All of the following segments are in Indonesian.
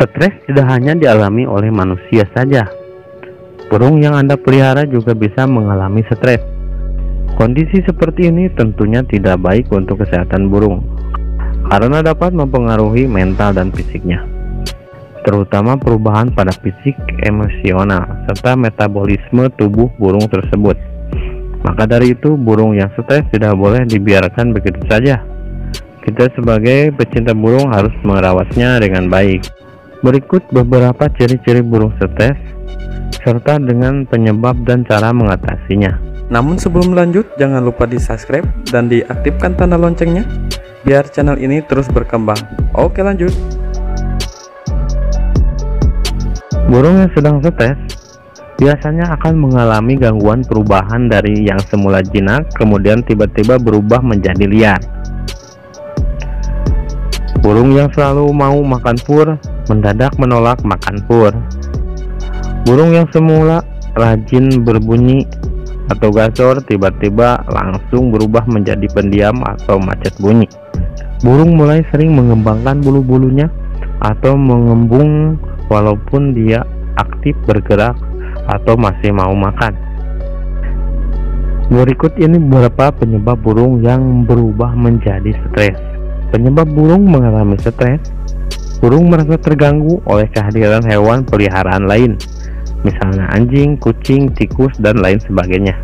Stres tidak hanya dialami oleh manusia saja. Burung yang Anda pelihara juga bisa mengalami stres. Kondisi seperti ini tentunya tidak baik untuk kesehatan burung karena dapat mempengaruhi mental dan fisiknya, terutama perubahan pada fisik emosional serta metabolisme tubuh burung tersebut. Maka dari itu, burung yang stres tidak boleh dibiarkan begitu saja. Kita sebagai pecinta burung harus merawatnya dengan baik. Berikut beberapa ciri-ciri burung setes serta dengan penyebab dan cara mengatasinya. Namun sebelum lanjut, jangan lupa di subscribe dan diaktifkan tanda loncengnya biar channel ini terus berkembang. Oke lanjut. Burung yang sedang setes biasanya akan mengalami gangguan perubahan dari yang semula jinak kemudian tiba-tiba berubah menjadi liar. Burung yang selalu mau makan pur mendadak menolak makan pur. Burung yang semula rajin berbunyi atau gacor tiba-tiba langsung berubah menjadi pendiam atau macet bunyi. Burung mulai sering mengembangkan bulu-bulunya atau mengembung walaupun dia aktif bergerak atau masih mau makan. Berikut ini beberapa penyebab burung yang berubah menjadi stres. Penyebab burung mengalami stres burung merasa terganggu oleh kehadiran hewan peliharaan lain, misalnya anjing, kucing, tikus, dan lain sebagainya.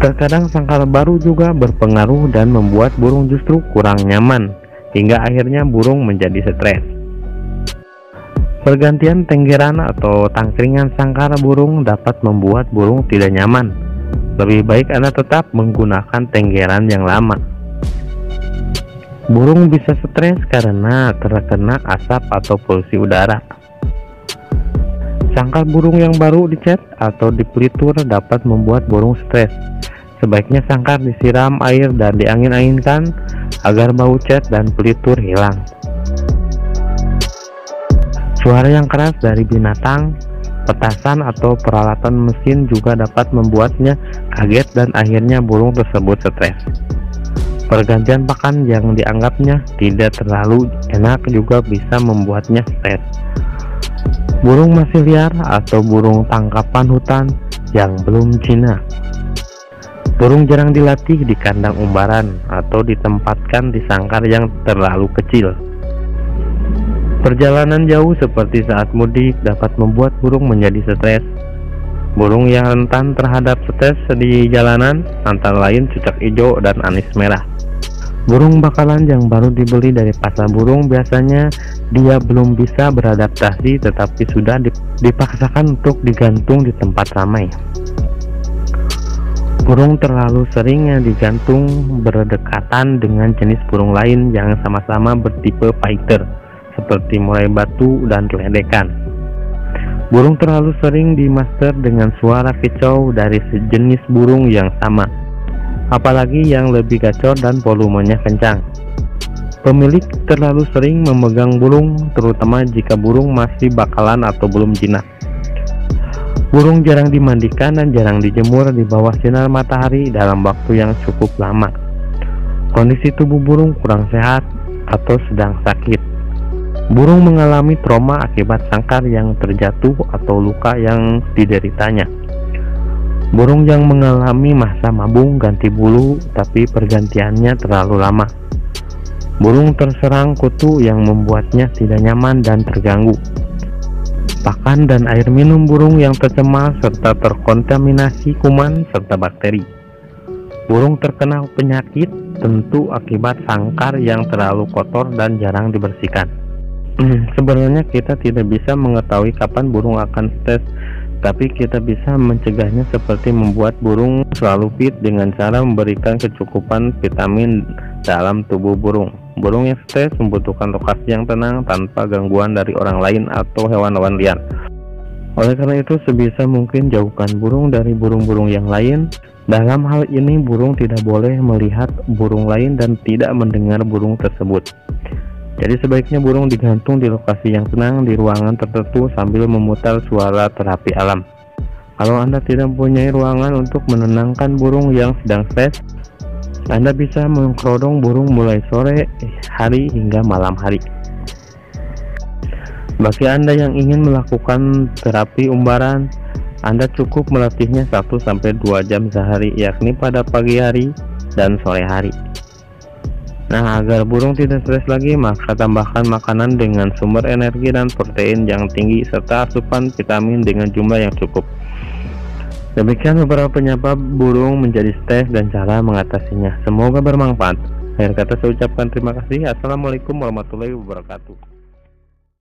Terkadang sangkar baru juga berpengaruh dan membuat burung justru kurang nyaman, hingga akhirnya burung menjadi stres. Pergantian tenggeran atau tangkringan sangkar burung dapat membuat burung tidak nyaman. Lebih baik Anda tetap menggunakan tenggeran yang lama. Burung bisa stres karena terkena asap atau polusi udara. Sangkar burung yang baru dicat atau dipelitur dapat membuat burung stres. Sebaiknya sangkar disiram air dan diangin-anginkan agar bau cat dan pelitur hilang. Suara yang keras dari binatang, petasan atau peralatan mesin juga dapat membuatnya kaget dan akhirnya burung tersebut stres. Pergantian pakan yang dianggapnya tidak terlalu enak juga bisa membuatnya stres. Burung masih liar atau burung tangkapan hutan yang belum jinak. Burung jarang dilatih di kandang umbaran atau ditempatkan di sangkar yang terlalu kecil. Perjalanan jauh seperti saat mudik dapat membuat burung menjadi stres Burung yang rentan terhadap stres di jalanan antara lain cucak hijau dan anis merah. Burung bakalan yang baru dibeli dari pasar burung biasanya dia belum bisa beradaptasi tetapi sudah dipaksakan untuk digantung di tempat ramai. Burung terlalu seringnya digantung berdekatan dengan jenis burung lain yang sama-sama bertipe fighter seperti mulai batu dan ledekan. Burung terlalu sering dimaster dengan suara kicau dari sejenis burung yang sama, apalagi yang lebih gacor dan volumenya kencang. Pemilik terlalu sering memegang burung, terutama jika burung masih bakalan atau belum jinak. Burung jarang dimandikan dan jarang dijemur di bawah sinar matahari dalam waktu yang cukup lama. Kondisi tubuh burung kurang sehat atau sedang sakit Burung mengalami trauma akibat sangkar yang terjatuh atau luka yang dideritanya. Burung yang mengalami masa mabung ganti bulu tapi pergantiannya terlalu lama. Burung terserang kutu yang membuatnya tidak nyaman dan terganggu. Pakan dan air minum burung yang tercemar serta terkontaminasi kuman serta bakteri. Burung terkena penyakit tentu akibat sangkar yang terlalu kotor dan jarang dibersihkan. Hmm, sebenarnya kita tidak bisa mengetahui kapan burung akan stres, tapi kita bisa mencegahnya seperti membuat burung selalu fit dengan cara memberikan kecukupan vitamin dalam tubuh burung. Burung yang stres membutuhkan lokasi yang tenang tanpa gangguan dari orang lain atau hewan-hewan liar. Oleh karena itu, sebisa mungkin jauhkan burung dari burung-burung yang lain. Dalam hal ini, burung tidak boleh melihat burung lain dan tidak mendengar burung tersebut. Jadi sebaiknya burung digantung di lokasi yang tenang di ruangan tertentu sambil memutar suara terapi alam. Kalau Anda tidak mempunyai ruangan untuk menenangkan burung yang sedang stres, Anda bisa mengkerodong burung mulai sore hari hingga malam hari. Bagi Anda yang ingin melakukan terapi umbaran, Anda cukup melatihnya 1-2 jam sehari yakni pada pagi hari dan sore hari. Nah, agar burung tidak stres lagi, maka tambahkan makanan dengan sumber energi dan protein yang tinggi serta asupan vitamin dengan jumlah yang cukup. Demikian beberapa penyebab burung menjadi stres dan cara mengatasinya. Semoga bermanfaat. Akhir kata saya ucapkan terima kasih. Assalamualaikum warahmatullahi wabarakatuh.